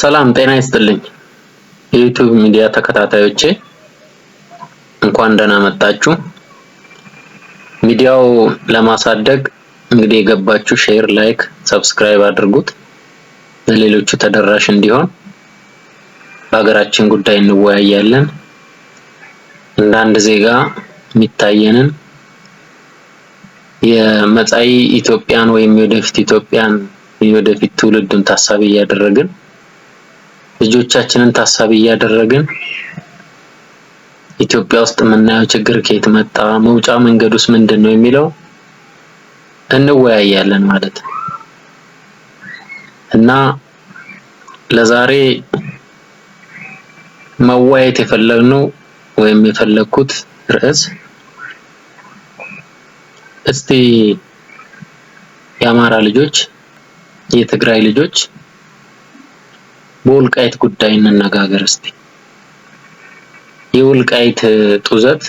ሰላም ጤና ይስጥልኝ የዩቲዩብ ሚዲያ ተከታታዮቼ እንኳን ደህና መጣችሁ። ሚዲያው ለማሳደግ እንግዲህ የገባችሁ ሼር፣ ላይክ፣ ሰብስክራይብ አድርጉት ለሌሎቹ ተደራሽ እንዲሆን። በሀገራችን ጉዳይ እንወያያለን። እንደ አንድ ዜጋ የሚታየንን የመጻኢ ኢትዮጵያን ወይም የወደፊት ኢትዮጵያን የወደፊት ትውልድን ታሳቢ እያደረግን ልጆቻችንን ታሳቢ እያደረግን ኢትዮጵያ ውስጥ የምናየው ችግር ከየት መጣ፣ መውጫ መንገዱስ ምንድን ነው የሚለው እንወያያለን ማለት ነው እና ለዛሬ መዋየት የፈለግነው ወይም የፈለግኩት ርዕስ እስቲ የአማራ ልጆች የትግራይ ልጆች በወልቃይት ጉዳይ እንነጋገር እስቲ። የወልቃይት ጡዘት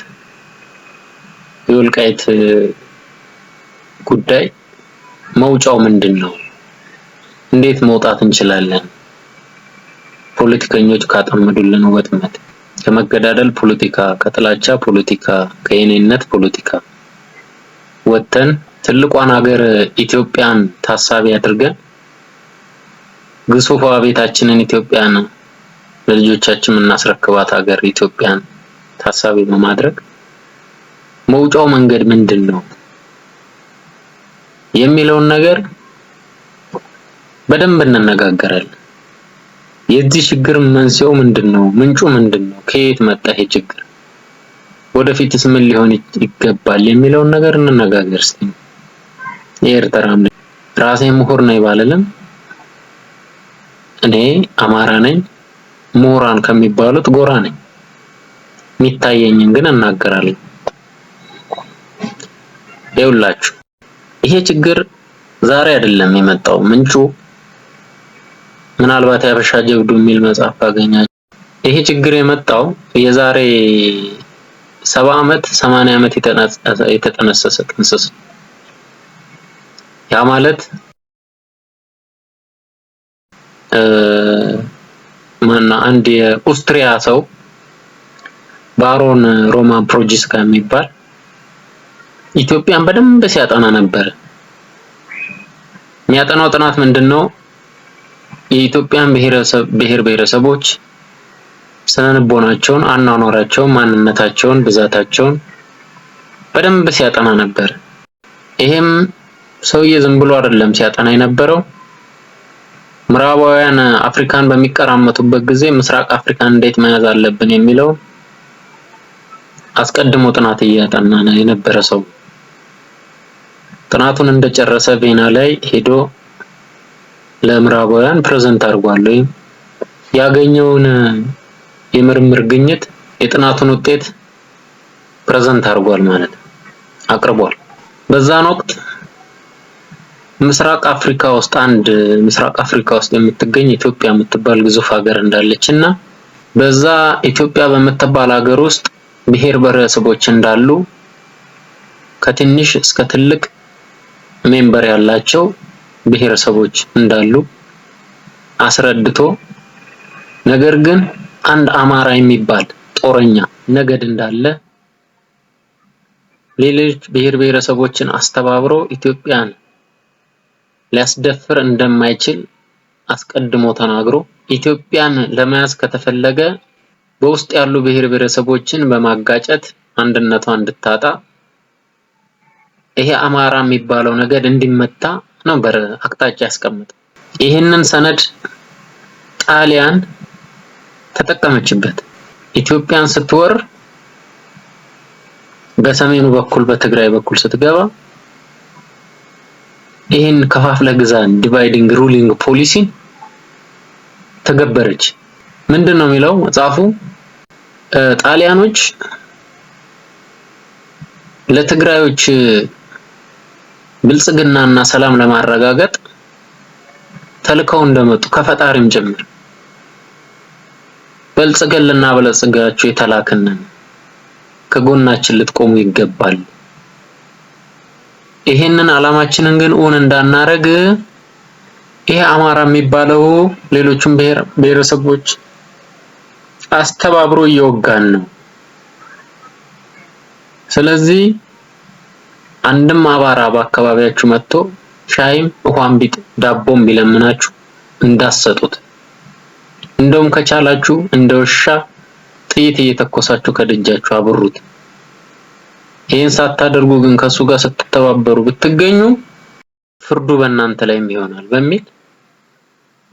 የወልቃይት ጉዳይ መውጫው ምንድን ነው? እንዴት መውጣት እንችላለን? ፖለቲከኞች ካጠመዱልን ወጥመድ፣ ከመገዳደል ፖለቲካ፣ ከጥላቻ ፖለቲካ፣ ከየኔነት ፖለቲካ ወጥተን ትልቋን ሀገር ኢትዮጵያን ታሳቢ አድርገን ግዙፏ ቤታችንን ኢትዮጵያን ለልጆቻችን የምናስረክባት ሀገር ኢትዮጵያን ታሳቢ በማድረግ መውጫው መንገድ ምንድን ነው የሚለውን ነገር በደንብ እንነጋገራለን። የዚህ ችግር መንስኤው ምንድን ነው? ምንጩ ምንድን ነው? ከየት መጣ ይሄ ችግር? ወደፊትስ ምን ሊሆን ይገባል የሚለውን ነገር እንነጋገር። እስቲ የኤርትራ ራሴ ምሁር ነው ባልልም እኔ አማራ ነኝ፣ ምሁራን ከሚባሉት ጎራ ነኝ። የሚታየኝን ግን እናገራለሁ። ይውላችሁ ይሄ ችግር ዛሬ አይደለም የመጣው። ምንጩ ምናልባት ያበሻ ጀብዱ የሚል መጽሐፍ ካገኛችሁ ይሄ ችግር የመጣው የዛሬ ሰባ ዓመት ሰማንያ ዓመት የተጠነሰሰ ጥንስስ ያ ማለት ማና አንድ የኦስትሪያ ሰው ባሮን ሮማ ፕሮጂስካ የሚባል ኢትዮጵያን በደንብ ሲያጠና ነበር። የሚያጠናው ጥናት ምንድን ነው? የኢትዮጵያን ብሔር ብሔረሰቦች ስነንቦናቸውን አኗኗራቸውን፣ ማንነታቸውን፣ ብዛታቸውን በደንብ ሲያጠና ነበር። ይሄም ሰውዬ ዝም ብሎ አይደለም ሲያጠና የነበረው ምዕራባውያን አፍሪካን በሚቀራመቱበት ጊዜ ምስራቅ አፍሪካን እንዴት መያዝ አለብን የሚለው አስቀድሞ ጥናት እያጠና የነበረ ሰው ጥናቱን እንደጨረሰ ቬና ላይ ሄዶ ለምዕራባውያን ፕሬዘንት አድርጓል። ወይም ያገኘውን የምርምር ግኝት የጥናቱን ውጤት ፕሬዘንት አድርጓል ማለት አቅርቧል። በዛን ወቅት ምስራቅ አፍሪካ ውስጥ አንድ ምስራቅ አፍሪካ ውስጥ የምትገኝ ኢትዮጵያ የምትባል ግዙፍ ሀገር እንዳለች እና በዛ ኢትዮጵያ በምትባል ሀገር ውስጥ ብሔር ብሔረሰቦች እንዳሉ ከትንሽ እስከ ትልቅ ሜምበር ያላቸው ብሔረሰቦች እንዳሉ አስረድቶ ነገር ግን አንድ አማራ የሚባል ጦረኛ ነገድ እንዳለ ሌሎች ብሔር ብሔረሰቦችን አስተባብሮ ኢትዮጵያን ሊያስደፍር እንደማይችል አስቀድሞ ተናግሮ ኢትዮጵያን ለመያዝ ከተፈለገ በውስጥ ያሉ ብሔር ብሔረሰቦችን በማጋጨት አንድነቷ እንድታጣ ይሄ አማራ የሚባለው ነገድ እንዲመታ በር አቅጣጫ ያስቀምጥ። ይህንን ሰነድ ጣሊያን ተጠቀመችበት። ኢትዮጵያን ስትወር በሰሜኑ በኩል በትግራይ በኩል ስትገባ ይህን ከፋፍለ ግዛን ዲቫይዲንግ ሩሊንግ ፖሊሲን ተገበረች። ምንድን ነው የሚለው መጽሐፉ? ጣሊያኖች ለትግራዮች ብልጽግናና ሰላም ለማረጋገጥ ተልከው እንደመጡ ከፈጣሪም ጭምር በልጽገልና በለጽጋችሁ የተላክንን ከጎናችን ልትቆሙ ይገባል። ይሄንን አላማችንን ግን እውን እንዳናረግ ይሄ አማራ የሚባለው ሌሎቹም ብሔረሰቦች አስተባብሮ እየወጋን ነው። ስለዚህ አንድም አባራ በአካባቢያችሁ መጥቶ ሻይም ውሃም ቢጥ ዳቦም ቢለምናችሁ እንዳሰጡት፣ እንደውም ከቻላችሁ እንደ ውሻ ጥይት እየተኮሳችሁ ከደጃችሁ አብሩት። ይህን ሳታደርጉ ግን ከእሱ ጋር ስትተባበሩ ብትገኙ ፍርዱ በእናንተ ላይም ይሆናል በሚል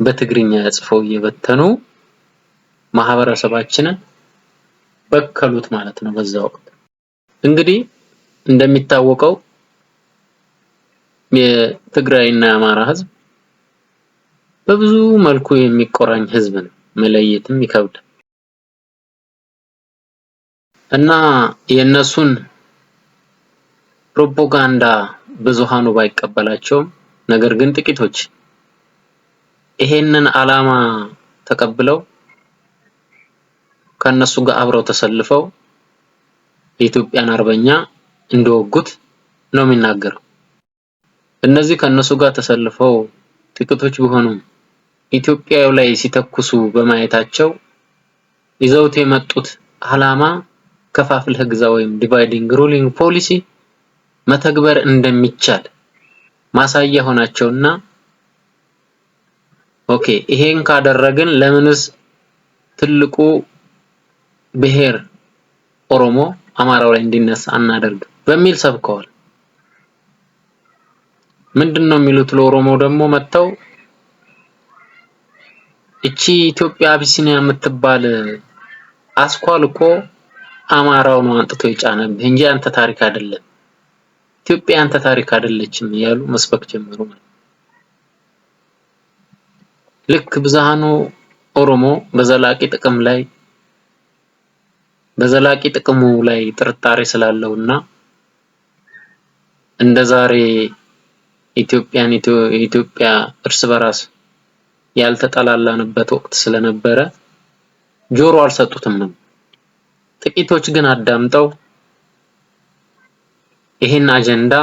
በትግርኛ ጽፈው እየበተኑ ማህበረሰባችንን በከሉት ማለት ነው። በዛ ወቅት እንግዲህ እንደሚታወቀው የትግራይና የአማራ ህዝብ በብዙ መልኩ የሚቆራኝ ህዝብ ነው። መለየትም ይከብዳል እና የእነሱን ፕሮፓጋንዳ ብዙሃኑ ባይቀበላቸውም ነገር ግን ጥቂቶች ይሄንን ዓላማ ተቀብለው ከነሱ ጋር አብረው ተሰልፈው የኢትዮጵያን አርበኛ እንደወጉት ነው የሚናገረው። እነዚህ ከነሱ ጋር ተሰልፈው ጥቂቶች ቢሆኑም ኢትዮጵያው ላይ ሲተኩሱ በማየታቸው ይዘውት የመጡት ዓላማ ከፋፍለህ ግዛ ወይም ዲቫይዲንግ ሩሊንግ ፖሊሲ መተግበር እንደሚቻል ማሳያ ሆናቸውና ኦኬ ይሄን ካደረግን ለምንስ ትልቁ ብሔር ኦሮሞ አማራው ላይ እንዲነሳ አናደርግ በሚል ሰብከዋል። ምንድን ነው የሚሉት? ለኦሮሞ ደግሞ መጥተው እቺ ኢትዮጵያ አቢሲኒያ የምትባል አስኳል እኮ አማራውን አንጥቶ የጫነብህ እንጂ አንተ ታሪክ አይደለም። ኢትዮጵያ ያንተ ታሪክ አይደለችም እያሉ መስበክ ጀመሩ። ልክ ብዝሃኑ ኦሮሞ በዘላቂ ጥቅም ላይ በዘላቂ ጥቅሙ ላይ ጥርጣሬ ስላለው እና እንደ ዛሬ ኢትዮጵያን ኢትዮጵያ እርስ በራስ ያልተጠላላንበት ወቅት ስለነበረ ጆሮ አልሰጡትም ነው። ጥቂቶች ግን አዳምጠው ይሄን አጀንዳ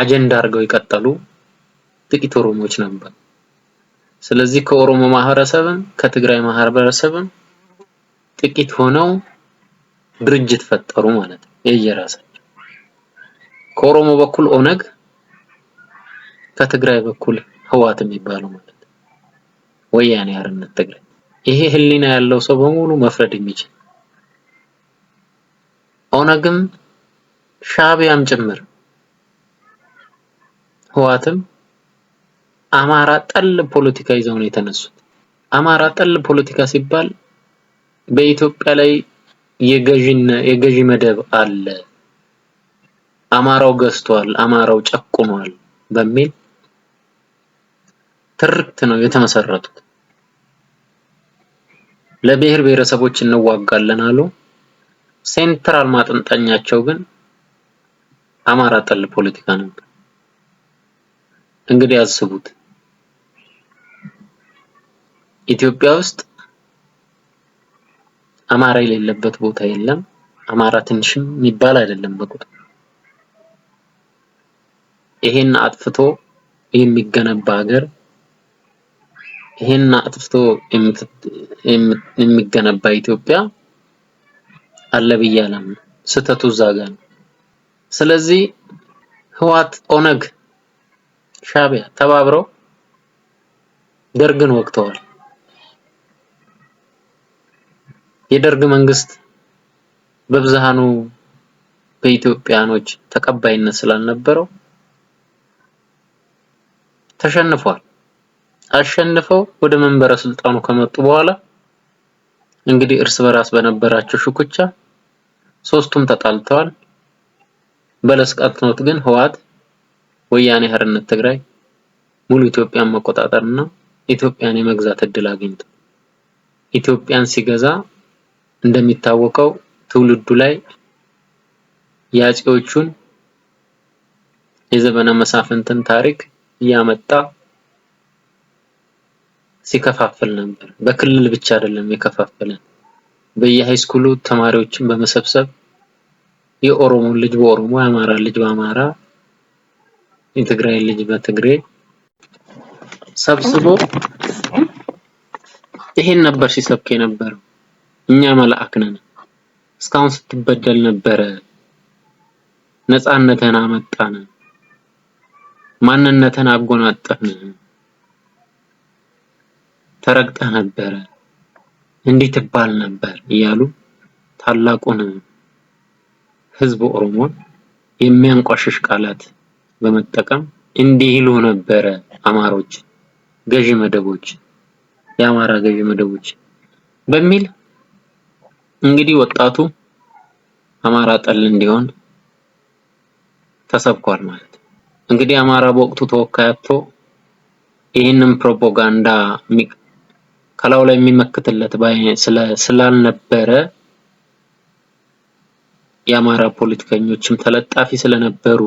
አጀንዳ አድርገው የቀጠሉ ጥቂት ኦሮሞዎች ነበር። ስለዚህ ከኦሮሞ ማህበረሰብም ከትግራይ ማህበረሰብም ጥቂት ሆነው ድርጅት ፈጠሩ ማለት ነው። የየራሳቸው ከኦሮሞ በኩል ኦነግ፣ ከትግራይ በኩል ህዋት የሚባለው ማለት ነው። ወያኔ ሓርነት ትግራይ። ይሄ ህሊና ያለው ሰው በሙሉ መፍረድ የሚችል ኦነግም ሻቢያም ጭምር ህዋትም አማራ ጠል ፖለቲካ ይዘው ነው የተነሱት። አማራ ጠል ፖለቲካ ሲባል በኢትዮጵያ ላይ የገዢ መደብ አለ፣ አማራው ገዝቷል፣ አማራው ጨቁኗል በሚል ትርክት ነው የተመሰረቱት። ለብሔር ብሔረሰቦች እንዋጋለን አሉ። ሴንትራል ማጠንጠኛቸው ግን አማራ ጠል ፖለቲካ ነበር። እንግዲህ አስቡት ኢትዮጵያ ውስጥ አማራ የሌለበት ቦታ የለም። አማራ ትንሽም የሚባል አይደለም በቁጥር ይሄን አጥፍቶ የሚገነባ ሀገር ይሄን አጥፍቶ የሚገነባ ኢትዮጵያ አለ ብዬ አላምንም። ስህተቱ እዛ ነው። ስለዚህ ህዋት፣ ኦነግ፣ ሻቢያ ተባብረው ደርግን ወቅተዋል። የደርግ መንግስት በብዝሃኑ በኢትዮጵያኖች ተቀባይነት ስላልነበረው ተሸንፏል። አሸንፈው ወደ መንበረ ስልጣኑ ከመጡ በኋላ እንግዲህ እርስ በራስ በነበራቸው ሽኩቻ ሶስቱም ተጣልተዋል። በለስ ቀጥኖት ግን ህወሓት ወያኔ ሀርነት ትግራይ ሙሉ ኢትዮጵያን መቆጣጠርና ኢትዮጵያን የመግዛት እድል አግኝቷል። ኢትዮጵያን ሲገዛ እንደሚታወቀው ትውልዱ ላይ የአፄዎቹን የዘመነ መሳፍንትን ታሪክ እያመጣ ሲከፋፍል ነበር። በክልል ብቻ አይደለም የከፋፈለን፣ በየሃይስኩሉ ተማሪዎችን በመሰብሰብ የኦሮሞ ልጅ በኦሮሞ የአማራ ልጅ በአማራ የትግራይ ልጅ በትግሬ ሰብስቦ ይሄን ነበር ሲሰብክ የነበረው። እኛ መልአክ ነን፣ እስካሁን ስትበደል ነበረ፣ ነፃነትን አመጣን፣ ማንነትን አጎናጠፍን፣ ተረግጠህ ነበረ፣ እንዲህ ትባል ነበር እያሉ ታላቁን ህዝብ ኦሮሞን የሚያንቋሽሽ ቃላት በመጠቀም እንዲህ ይሉ ነበረ አማሮች፣ ገዢ መደቦች፣ የአማራ ገዢ መደቦች በሚል እንግዲህ ወጣቱ አማራ ጠል እንዲሆን ተሰብኳል ማለት ነው። እንግዲህ አማራ በወቅቱ ተወካይ አጥቶ ይህንን ፕሮፓጋንዳ ከላዩ ላይ የሚመክትለት ስላልነበረ የአማራ ፖለቲከኞችም ተለጣፊ ስለነበሩ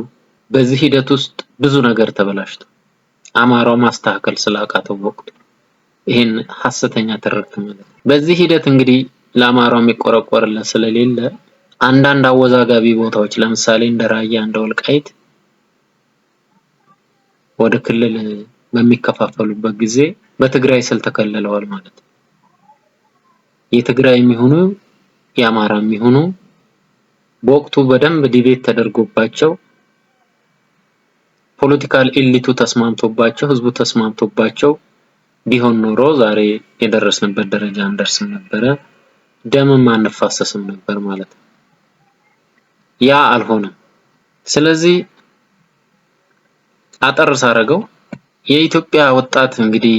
በዚህ ሂደት ውስጥ ብዙ ነገር ተበላሽቶ አማራው ማስተካከል ስላቃተው ወቅቱ ይህን ሀሰተኛ ትርክት ማለት ነው። በዚህ ሂደት እንግዲህ ለአማራው የሚቆረቆርለት ስለሌለ አንዳንድ አወዛጋቢ ቦታዎች ለምሳሌ እንደ ራያ፣ እንደ ወልቃይት ወደ ክልል በሚከፋፈሉበት ጊዜ በትግራይ ስል ተከልለዋል ማለት ነው። የትግራይ የሚሆኑ የአማራ የሚሆኑ በወቅቱ በደንብ ዲቤት ተደርጎባቸው ፖለቲካል ኤሊቱ ተስማምቶባቸው ህዝቡ ተስማምቶባቸው ቢሆን ኖሮ ዛሬ የደረስንበት ደረጃ እንደርስም ነበረ፣ ደምም አንፋሰስም ነበር ማለት ነው። ያ አልሆነም። ስለዚህ አጠር ሳረገው የኢትዮጵያ ወጣት እንግዲህ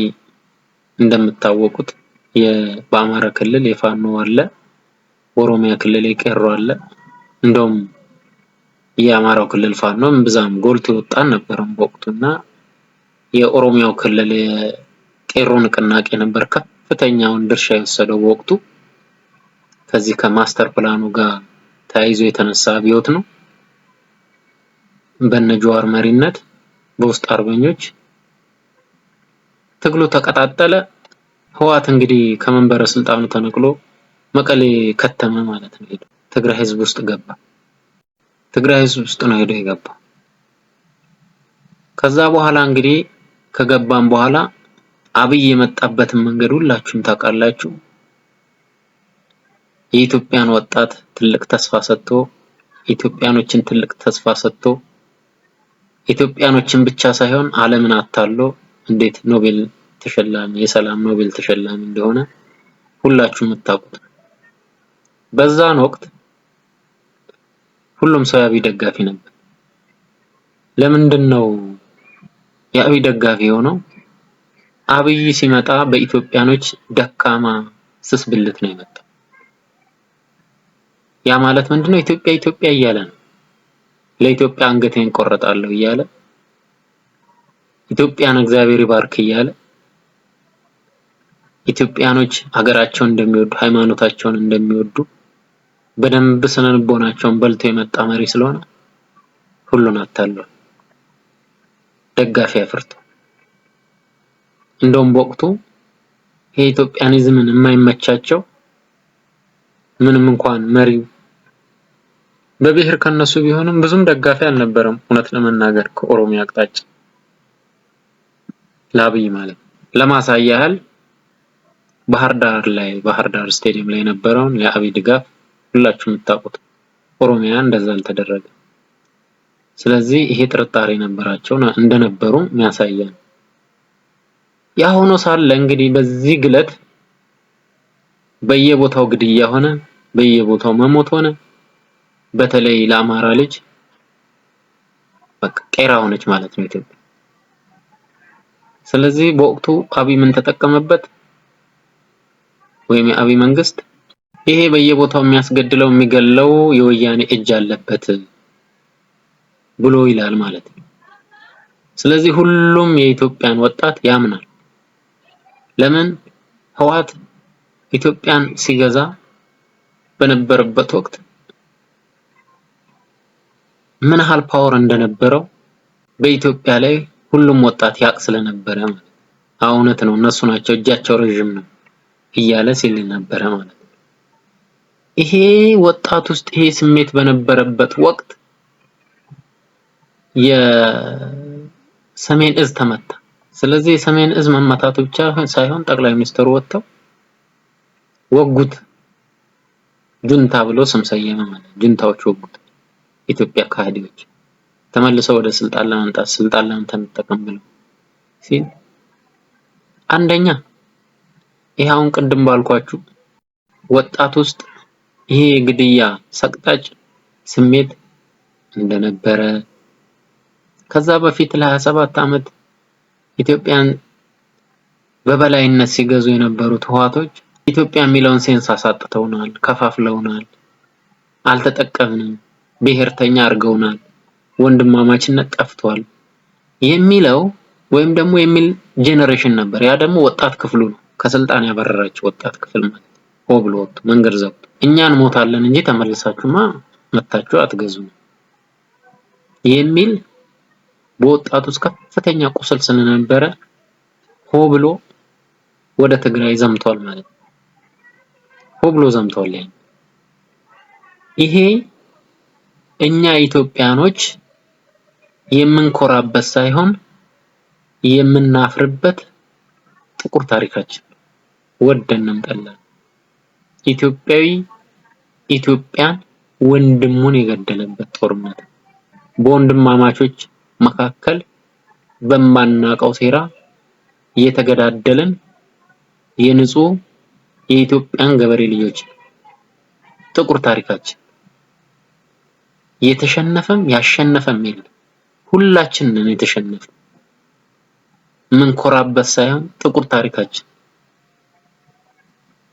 እንደምታወቁት በአማራ ክልል የፋኖ አለ፣ ኦሮሚያ ክልል የቄሮ አለ። እንደውም የአማራው ክልል ፋኖ እምብዛም ጎልቶ የወጣ አልነበረም በወቅቱ እና የኦሮሚያው ክልል ቄሮ ንቅናቄ ነበር ከፍተኛውን ድርሻ የወሰደው በወቅቱ። ከዚህ ከማስተር ፕላኑ ጋር ተያይዞ የተነሳ አብዮት ነው። በነ ጀዋር መሪነት በውስጥ አርበኞች ትግሉ ተቀጣጠለ። ህወሓት እንግዲህ ከመንበረ ስልጣኑ ተነቅሎ መቀሌ ከተማ ማለት ነው። ትግራይ ህዝብ ውስጥ ገባ። ትግራይ ህዝብ ውስጥ ነው ሄዶ የገባ። ከዛ በኋላ እንግዲህ ከገባም በኋላ አብይ የመጣበትን መንገድ ሁላችሁም ታውቃላችሁ። የኢትዮጵያን ወጣት ትልቅ ተስፋ ሰጥቶ ኢትዮጵያኖችን ትልቅ ተስፋ ሰጥቶ ኢትዮጵያኖችን ብቻ ሳይሆን ዓለምን አታሎ እንዴት ኖቤል ተሸላሚ የሰላም ኖቤል ተሸላሚ እንደሆነ ሁላችሁም የምታውቁት ነው። በዛን ወቅት ሁሉም ሰው የአብይ ደጋፊ ነበር። ለምንድን ነው የአብይ ደጋፊ የሆነው? አብይ ሲመጣ በኢትዮጵያኖች ደካማ ስስ ብልት ነው የመጣው። ያ ማለት ምንድነው ኢትዮጵያ ኢትዮጵያ እያለ ነው ለኢትዮጵያ አንገቴን ቆረጣለሁ እያለ ኢትዮጵያን እግዚአብሔር ይባርክ እያለ ኢትዮጵያኖች ሀገራቸውን እንደሚወዱ ሃይማኖታቸውን እንደሚወዱ በደንብ ስነልቦናቸውን በልቶ የመጣ መሪ ስለሆነ ሁሉን አታሉ ደጋፊ አፍርቶ እንደውም በወቅቱ የኢትዮጵያኒዝምን የማይመቻቸው ምንም እንኳን መሪው በብሔር ከነሱ ቢሆንም ብዙም ደጋፊ አልነበረም። እውነት ለመናገር ከኦሮሚያ አቅጣጫ ለአብይ ማለት ለማሳያ ያህል ባህር ዳር ላይ ባህር ዳር ስቴዲየም ላይ የነበረውን የአብይ ድጋፍ ሁላችሁ የምታውቁት ኦሮሚያ እንደዛ አልተደረገ። ስለዚህ ይሄ ጥርጣሬ ነበራቸው እንደነበሩ የሚያሳየን ያ ሆኖ ሳለ እንግዲህ በዚህ ግለት በየቦታው ግድያ ሆነ፣ በየቦታው መሞት ሆነ። በተለይ ለአማራ ልጅ በቃ ቄራ ሆነች ማለት ነው ኢትዮጵያ። ስለዚህ በወቅቱ አብይ ምን ተጠቀመበት ወይም የአብይ መንግስት ይሄ በየቦታው የሚያስገድለው የሚገለው የወያኔ እጅ አለበት ብሎ ይላል ማለት ነው። ስለዚህ ሁሉም የኢትዮጵያን ወጣት ያምናል። ለምን ህወሓት ኢትዮጵያን ሲገዛ በነበረበት ወቅት ምን ያህል ፓወር እንደነበረው በኢትዮጵያ ላይ ሁሉም ወጣት ያቅ ስለነበረ ማለት ነው። እውነት ነው፣ እነሱ ናቸው እጃቸው ረዥም ነው እያለ ሲል ነበረ ማለት ነው። ይሄ ወጣት ውስጥ ይሄ ስሜት በነበረበት ወቅት የሰሜን እዝ ተመታ። ስለዚህ የሰሜን እዝ መመታቱ ብቻ ሳይሆን ጠቅላይ ሚኒስትሩ ወጥተው ወጉት ጁንታ ብሎ ስም ሰየመ። ማለት ጁንታዎች ወጉት ኢትዮጵያ ካህዲዎች ተመልሰው ወደ ስልጣን ለመምጣት ስልጣን ለመንተን ብለው ሲል አንደኛ ይሄ አሁን ቅድም ባልኳችሁ ወጣት ውስጥ ይሄ የግድያ ሰቅጣጭ ስሜት እንደነበረ ከዛ በፊት ለ27 ዓመት ኢትዮጵያን በበላይነት ሲገዙ የነበሩት ህዋቶች ኢትዮጵያ የሚለውን ሴንስ አሳጥተውናል፣ ከፋፍለውናል፣ አልተጠቀምንም፣ ብሔርተኛ አድርገውናል፣ ወንድማማችነት ጠፍቷል የሚለው ወይም ደግሞ የሚል ጄኔሬሽን ነበር። ያ ደግሞ ወጣት ክፍሉ ነው፣ ከስልጣን ያበረራቸው ወጣት ክፍል ማለት ሆ ብሎ ወጡ። መንገድ ዘጉ። እኛ እንሞታለን እንጂ ተመልሳችሁማ መታችሁ አትገዙም የሚል በወጣቱ ውስጥ ከፍተኛ ቁስል ስለነበረ ሆ ብሎ ወደ ትግራይ ዘምቷል ማለት ነው። ሆ ብሎ ዘምቷል። ያን ይሄ እኛ ኢትዮጵያኖች የምንኮራበት ሳይሆን የምናፍርበት ጥቁር ታሪካችን ወደንም ጠላን ኢትዮጵያዊ ኢትዮጵያን ወንድሙን የገደለበት ጦርነት በወንድማማቾች መካከል በማናቀው ሴራ የተገዳደለን የንጹህ የኢትዮጵያን ገበሬ ልጆች ጥቁር ታሪካችን የተሸነፈም ያሸነፈም የለም። ሁላችንን የተሸነፈ ምንኮራበት ሳይሆን ጥቁር ታሪካችን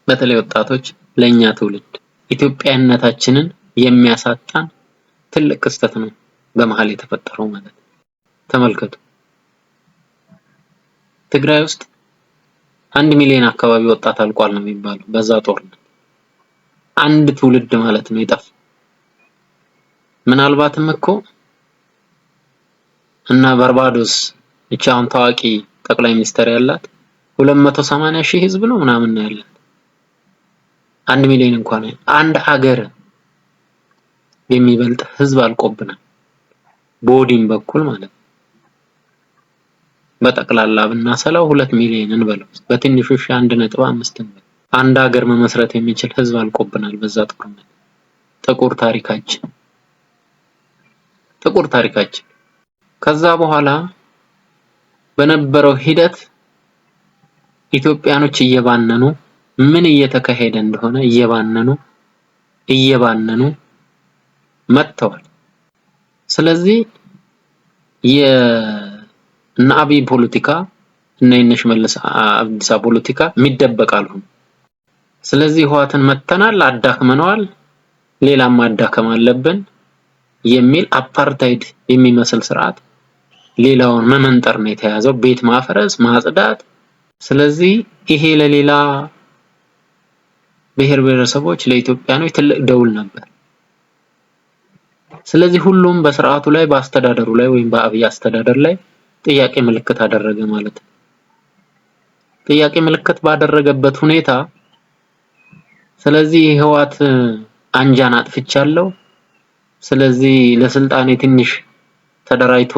በተለይ ወጣቶች ለእኛ ትውልድ ኢትዮጵያነታችንን የሚያሳጣን ትልቅ ክስተት ነው በመሀል የተፈጠረው ማለት ተመልከቱ ትግራይ ውስጥ አንድ ሚሊዮን አካባቢ ወጣት አልቋል ነው የሚባለው በዛ ጦርነት። አንድ ትውልድ ማለት ነው ይጠፋ። ምናልባትም እኮ እና በርባዶስ ብቻውን ታዋቂ ጠቅላይ ሚኒስትር ያላት 280 ሺህ ህዝብ ነው ምናምን ያላት አንድ ሚሊዮን እንኳን አንድ ሀገር የሚበልጥ ህዝብ አልቆብናል። በኦዲን በኩል ማለት ነው። በጠቅላላ ብናሰላው ሁለት ሚሊዮን እንበለው በትንሹ ሺ አንድ ነጥብ አምስት እንበል። አንድ ሀገር መመስረት የሚችል ህዝብ አልቆብናል በዛ ጦርነት። ጥቁር ታሪካችን ጥቁር ታሪካችን ከዛ በኋላ በነበረው ሂደት ኢትዮጵያኖች እየባነኑ ምን እየተካሄደ እንደሆነ እየባነኑ እየባነኑ መጥተዋል። ስለዚህ የእነ አብይ ፖለቲካ እና የነሽ መለስ አብዲሳ ፖለቲካ የሚደበቅ ስለዚህ ህዋትን መተናል፣ አዳክመነዋል፣ ሌላም ማዳከም አለብን የሚል አፓርታይድ የሚመስል ስርዓት ሌላውን መመንጠር ነው የተያዘው፣ ቤት ማፍረስ፣ ማጽዳት። ስለዚህ ይሄ ለሌላ ብሔር ብሔረሰቦች ለኢትዮጵያኖች ትልቅ ደውል ነበር። ስለዚህ ሁሉም በስርዓቱ ላይ በአስተዳደሩ ላይ ወይም በአብይ አስተዳደር ላይ ጥያቄ ምልክት አደረገ ማለት ነው። ጥያቄ ምልክት ባደረገበት ሁኔታ ስለዚህ የህወሓት አንጃን አጥፍቻለሁ፣ ስለዚህ ለስልጣኔ ትንሽ ተደራጅቶ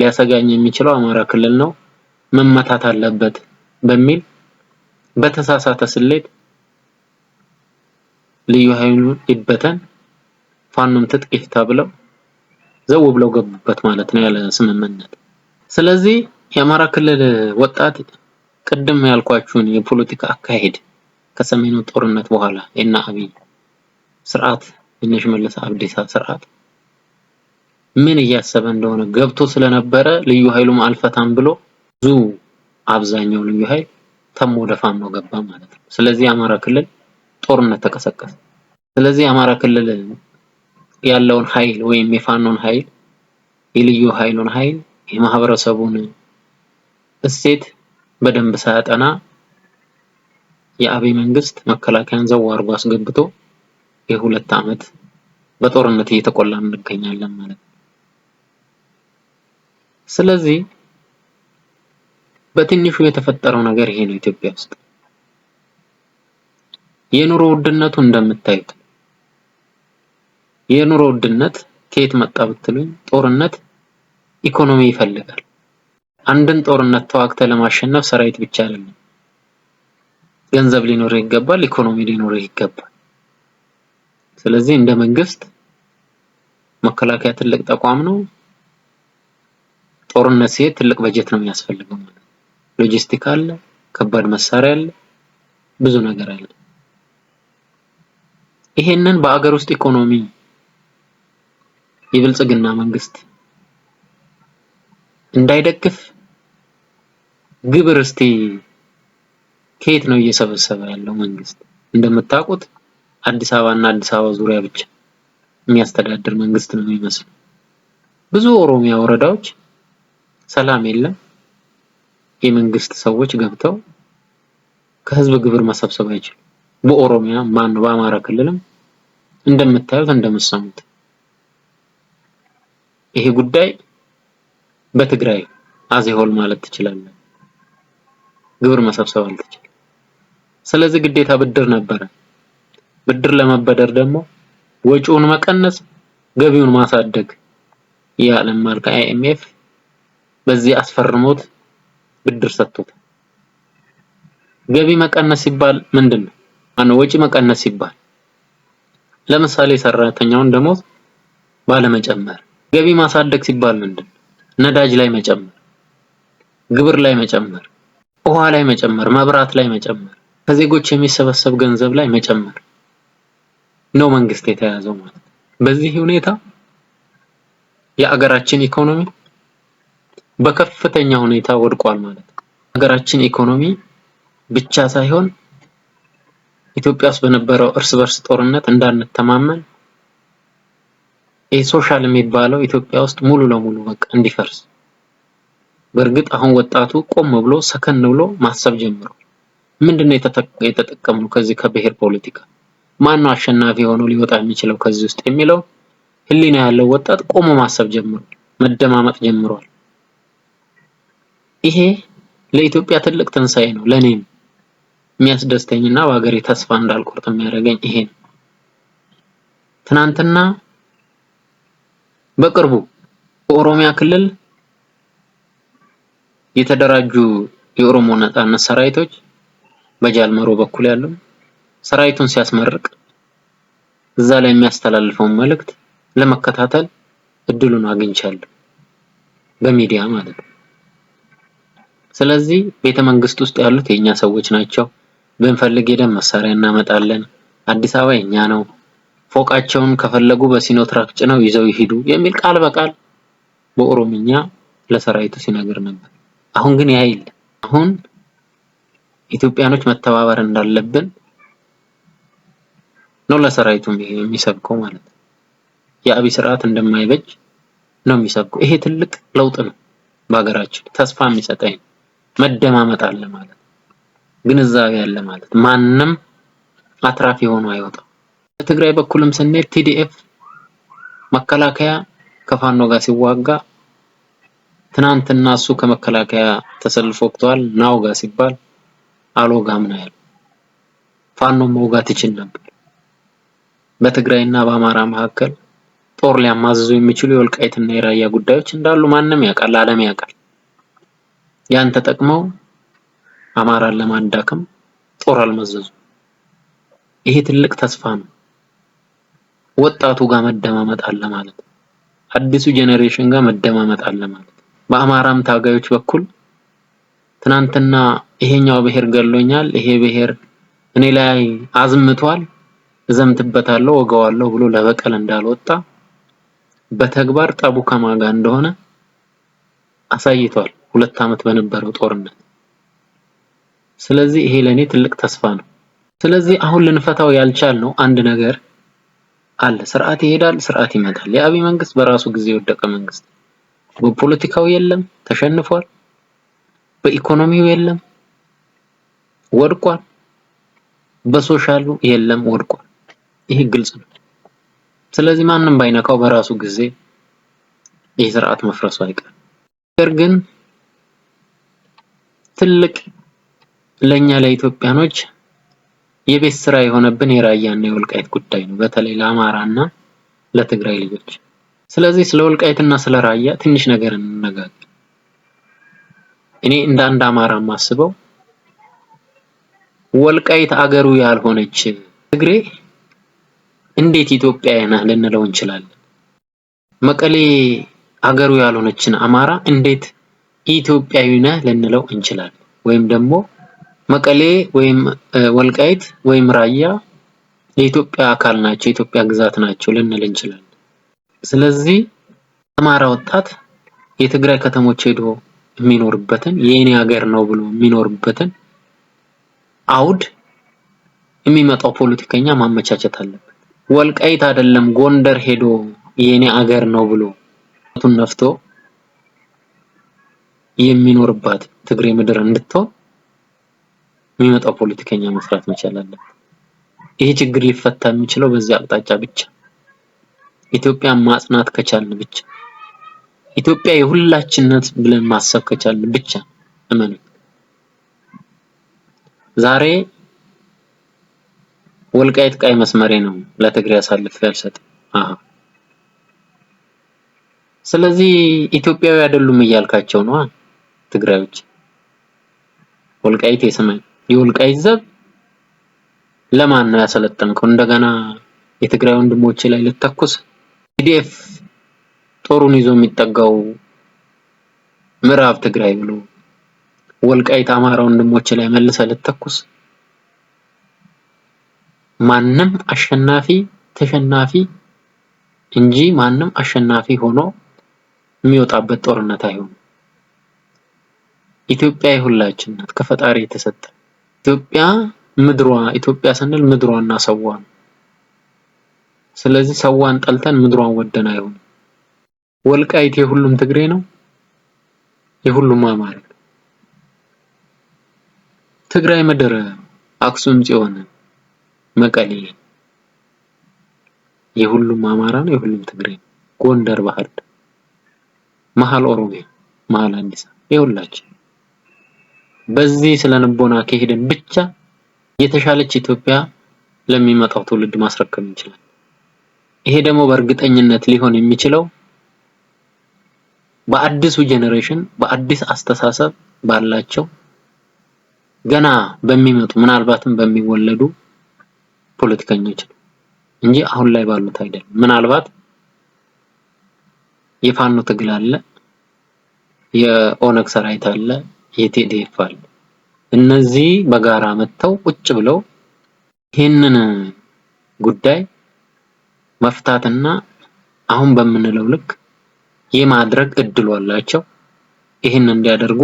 ሊያሰጋኝ የሚችለው አማራ ክልል ነው መመታት አለበት በሚል በተሳሳተ ስሌት ልዩ ኃይሉ ይበተን ፋኖም ትጥቅ ይፍታ ብለው ዘው ብለው ገቡበት ማለት ነው፣ ያለ ስምምነት። ስለዚህ የአማራ ክልል ወጣት ቅድም ያልኳችሁን የፖለቲካ አካሄድ ከሰሜኑ ጦርነት በኋላ የእነ አብይ ስርዓት የእነ ሽመልስ አብዲሳ ስርዓት ምን እያሰበ እንደሆነ ገብቶ ስለነበረ ልዩ ኃይሉም አልፈታም ብሎ ብዙ አብዛኛው ልዩ ኃይል ተሞ ወደ ፋኖ ገባ ማለት ነው። ስለዚህ የአማራ ክልል ጦርነት ተቀሰቀሰ። ስለዚህ የአማራ ክልል ያለውን ኃይል ወይም የፋኖን ኃይል የልዩ ኃይሉን ኃይል የማህበረሰቡን እሴት በደንብ ሳያጠና የአብይ መንግስት መከላከያን ዘው አድርጎ አስገብቶ የሁለት ዓመት በጦርነት እየተቆላ እንገኛለን ማለት ነው። ስለዚህ በትንሹ የተፈጠረው ነገር ይሄ ነው ኢትዮጵያ ውስጥ። የኑሮ ውድነቱ እንደምታዩት የኑሮ ውድነት ከየት መጣ ብትሉኝ፣ ጦርነት ኢኮኖሚ ይፈልጋል። አንድን ጦርነት ተዋግተ ለማሸነፍ ሰራዊት ብቻ አይደለም፣ ገንዘብ ሊኖር ይገባል፣ ኢኮኖሚ ሊኖርህ ይገባል። ስለዚህ እንደ መንግስት መከላከያ ትልቅ ተቋም ነው። ጦርነት ሲሄድ ትልቅ በጀት ነው የሚያስፈልገው ሎጂስቲክ አለ፣ ከባድ መሳሪያ አለ፣ ብዙ ነገር አለ። ይሄንን በአገር ውስጥ ኢኮኖሚ የብልጽግና መንግስት እንዳይደግፍ ግብር እስቲ ከየት ነው እየሰበሰበ ያለው መንግስት? እንደምታውቁት አዲስ አበባ እና አዲስ አበባ ዙሪያ ብቻ የሚያስተዳድር መንግስት ነው የሚመስል። ብዙ ኦሮሚያ ወረዳዎች ሰላም የለም። የመንግስት ሰዎች ገብተው ከህዝብ ግብር መሰብሰብ አይችሉም። በኦሮሚያ ማን ነው በአማራ ክልልም እንደምታዩት እንደምሰሙት ይሄ ጉዳይ በትግራይ አዜሆል ማለት ትችላለን። ግብር መሰብሰብ አልተቻለ። ስለዚህ ግዴታ ብድር ነበረ። ብድር ለመበደር ደግሞ ወጪውን መቀነስ፣ ገቢውን ማሳደግ የዓለም ባንክ አይኤምኤፍ በዚህ አስፈርሞት ብድር ሰጥቶታል። ገቢ መቀነስ ሲባል ምንድን ነው? ወጪ መቀነስ ሲባል ለምሳሌ ሰራተኛውን ደሞዝ ባለመጨመር። ገቢ ማሳደግ ሲባል ምንድን ነዳጅ ላይ መጨመር፣ ግብር ላይ መጨመር፣ ውሃ ላይ መጨመር፣ መብራት ላይ መጨመር፣ ከዜጎች የሚሰበሰብ ገንዘብ ላይ መጨመር ነው መንግስት የተያዘው ማለት። በዚህ ሁኔታ የአገራችን ኢኮኖሚ በከፍተኛ ሁኔታ ወድቋል ማለት ነው። ኢኮኖሚ ብቻ ሳይሆን ኢትዮጵያ ውስጥ በነበረው እርስ በርስ ጦርነት እንዳንተማመን ይህ ሶሻል የሚባለው ኢትዮጵያ ውስጥ ሙሉ ለሙሉ በቃ እንዲፈርስ። በእርግጥ አሁን ወጣቱ ቆም ብሎ ሰከን ብሎ ማሰብ ጀምሮ ምንድነው የተጠቀምነው ከዚህ ከብሔር ፖለቲካ ማን ነው አሸናፊ ሆኖ ሊወጣ የሚችለው ከዚህ ውስጥ የሚለው ህሊና ያለው ወጣት ቆሞ ማሰብ ጀምሯል፣ መደማመጥ ጀምሯል። ይሄ ለኢትዮጵያ ትልቅ ትንሳኤ ነው ለኔም የሚያስደስተኝና በሀገሪ በሀገሬ ተስፋ እንዳልቆርጥ የሚያደርገኝ ይሄ ነው። ትናንትና በቅርቡ በኦሮሚያ ክልል የተደራጁ የኦሮሞ ነጻነት ሰራዊቶች በጃልመሮ በኩል ያሉ ሰራዊቱን ሲያስመርቅ እዛ ላይ የሚያስተላልፈውን መልእክት ለመከታተል እድሉን አግኝቻለሁ፣ በሚዲያ ማለት ነው። ስለዚህ ቤተ መንግስት ውስጥ ያሉት የኛ ሰዎች ናቸው። ብንፈልግ ሄደን መሳሪያ እናመጣለን። አዲስ አበባ የኛ ነው፣ ፎቃቸውን ከፈለጉ በሲኖትራክ ጭነው ይዘው ይሄዱ የሚል ቃል በቃል በኦሮምኛ ለሰራዊቱ ሲነግር ነበር። አሁን ግን ያ አሁን ኢትዮጵያኖች መተባበር እንዳለብን ነው ለሰራዊቱ የሚሰብከው ማለት ነው። የአብይ ስርዓት እንደማይበጅ ነው የሚሰብከው። ይሄ ትልቅ ለውጥ ነው በሀገራችን ተስፋ የሚሰጠኝ መደማመጥ አለ ማለት ነው። ግንዛቤ አለ ማለት ማንም አትራፊ ሆኖ አይወጣም። በትግራይ በኩልም ስንሄድ ቲዲኤፍ መከላከያ ከፋኖ ጋር ሲዋጋ ትናንትና እሱ ከመከላከያ ተሰልፎ ወቅተዋል። ናውጋ ሲባል አልወጋም ነው ያለው። ፋኖ መውጋት ይችል ነበር። በትግራይና በአማራ መካከል ጦር ሊያማዝዙ የሚችሉ የወልቃይትና የራያ ጉዳዮች እንዳሉ ማንም ያውቃል፣ ዓለም ያውቃል። ያን ተጠቅመው አማራን ለማንዳከም ጦር አልመዘዙ። ይሄ ትልቅ ተስፋ ነው። ወጣቱ ጋር መደማመጥ አለ ማለት አዲሱ ጄኔሬሽን ጋር መደማመጥ አለ ማለት። በአማራም ታጋዮች በኩል ትናንትና ይሄኛው ብሔር ገሎኛል፣ ይሄ ብሔር እኔ ላይ አዝምቷል፣ እዘምትበታለሁ፣ ወገዋለሁ ብሎ ለበቀል እንዳልወጣ በተግባር ጠቡ ከማጋ እንደሆነ አሳይቷል። ሁለት ዓመት በነበረው ጦርነት ስለዚህ ይሄ ለእኔ ትልቅ ተስፋ ነው። ስለዚህ አሁን ልንፈታው ያልቻልነው አንድ ነገር አለ። ስርዓት ይሄዳል፣ ስርዓት ይመጣል። የአብይ መንግስት በራሱ ጊዜ የወደቀ መንግስት፣ በፖለቲካው የለም ተሸንፏል፣ በኢኮኖሚው የለም ወድቋል፣ በሶሻሉ የለም ወድቋል። ይሄ ግልጽ ነው። ስለዚህ ማንም ባይነካው በራሱ ጊዜ ይህ ስርዓት መፍረሱ አይቀርም። ነገር ግን ትልቅ ለእኛ ለኢትዮጵያኖች የቤት ስራ የሆነብን የራያና የወልቃይት ጉዳይ ነው። በተለይ ለአማራና ለትግራይ ልጆች። ስለዚህ ስለ ወልቃይትና ስለ ራያ ትንሽ ነገር እንነጋገር። እኔ እንደ አንድ አማራ ማስበው ወልቃይት አገሩ ያልሆነች ትግሬ እንዴት ኢትዮጵያ ነህ ልንለው እንችላለን? መቀሌ አገሩ ያልሆነችን አማራ እንዴት ኢትዮጵያዊ ነህ ልንለው እንችላለን? ወይም ደግሞ መቀሌ ወይም ወልቃይት ወይም ራያ የኢትዮጵያ አካል ናቸው፣ የኢትዮጵያ ግዛት ናቸው ልንል እንችላለን። ስለዚህ አማራ ወጣት የትግራይ ከተሞች ሄዶ የሚኖርበትን የእኔ ሀገር ነው ብሎ የሚኖርበትን አውድ የሚመጣው ፖለቲከኛ ማመቻቸት አለበት። ወልቃይት አይደለም ጎንደር ሄዶ የእኔ ሀገር ነው ብሎ ቱን ነፍቶ የሚኖርባት ትግሬ ምድር እንድትሆን የሚመጣው ፖለቲከኛ መስራት መቻል አለበት። ይሄ ችግር ሊፈታ የሚችለው በዚህ አቅጣጫ ብቻ ኢትዮጵያን ማጽናት ከቻልን ብቻ ኢትዮጵያ የሁላችንነት ብለን ማሰብ ከቻልን ብቻ እመኑ። ዛሬ ወልቃይት ቀይ መስመሬ ነው ለትግሬ አሳልፍ አልሰጥም። አሃ ስለዚህ ኢትዮጵያዊ አይደሉም እያልካቸው ነው ትግራዮች ወልቃይት የሰማይ የወልቃይት ዘብ ለማን ነው ያሰለጠንከው? እንደገና የትግራይ ወንድሞች ላይ ልተኩስ? ፒዲኤፍ ጦሩን ይዞ የሚጠጋው ምዕራብ ትግራይ ብሎ ወልቃይት አማራ ወንድሞች ላይ መልሰ ልተኩስ? ማንም አሸናፊ ተሸናፊ እንጂ ማንም አሸናፊ ሆኖ የሚወጣበት ጦርነት አይሆንም። ኢትዮጵያ የሁላችን ናት፣ ከፈጣሪ የተሰጠ ኢትዮጵያ ምድሯ ኢትዮጵያ ስንል ምድሯና ሰዋ ነው። ስለዚህ ሰዋን ጠልተን ምድሯን ወደን አይሆንም። ወልቃይት የሁሉም ትግሬ ነው፣ የሁሉም አማራ ነው። ትግራይ ምድር አክሱም ጽዮን መቀሌ የሁሉም አማራ ነው፣ የሁሉም ትግሬ ነው። ጎንደር ባህር ዳር መሀል ኦሮሚያ መሀል አዲስ አበባ የሁላችን በዚህ ስነ ልቦና ከሄድን ብቻ የተሻለች ኢትዮጵያ ለሚመጣው ትውልድ ማስረከብ እንችላለን። ይሄ ደግሞ በእርግጠኝነት ሊሆን የሚችለው በአዲሱ ጄኔሬሽን በአዲስ አስተሳሰብ ባላቸው ገና በሚመጡ ምናልባትም በሚወለዱ ፖለቲከኞች ነው እንጂ አሁን ላይ ባሉት አይደለም። ምናልባት የፋኖ ትግል አለ፣ የኦነግ ሰራዊት አለ የቲዲኤፍ አሉ። እነዚህ በጋራ መጥተው ቁጭ ብለው ይህንን ጉዳይ መፍታትና አሁን በምንለው ልክ የማድረግ እድሉ አላቸው። ይህን እንዲያደርጉ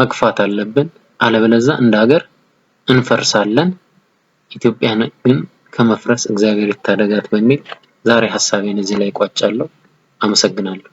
መግፋት አለብን። አለበለዛ እንደ ሀገር እንፈርሳለን። ኢትዮጵያን ግን ከመፍረስ እግዚአብሔር ይታደጋት በሚል ዛሬ ሀሳቤን እዚህ ላይ ቋጫለሁ። አመሰግናለሁ።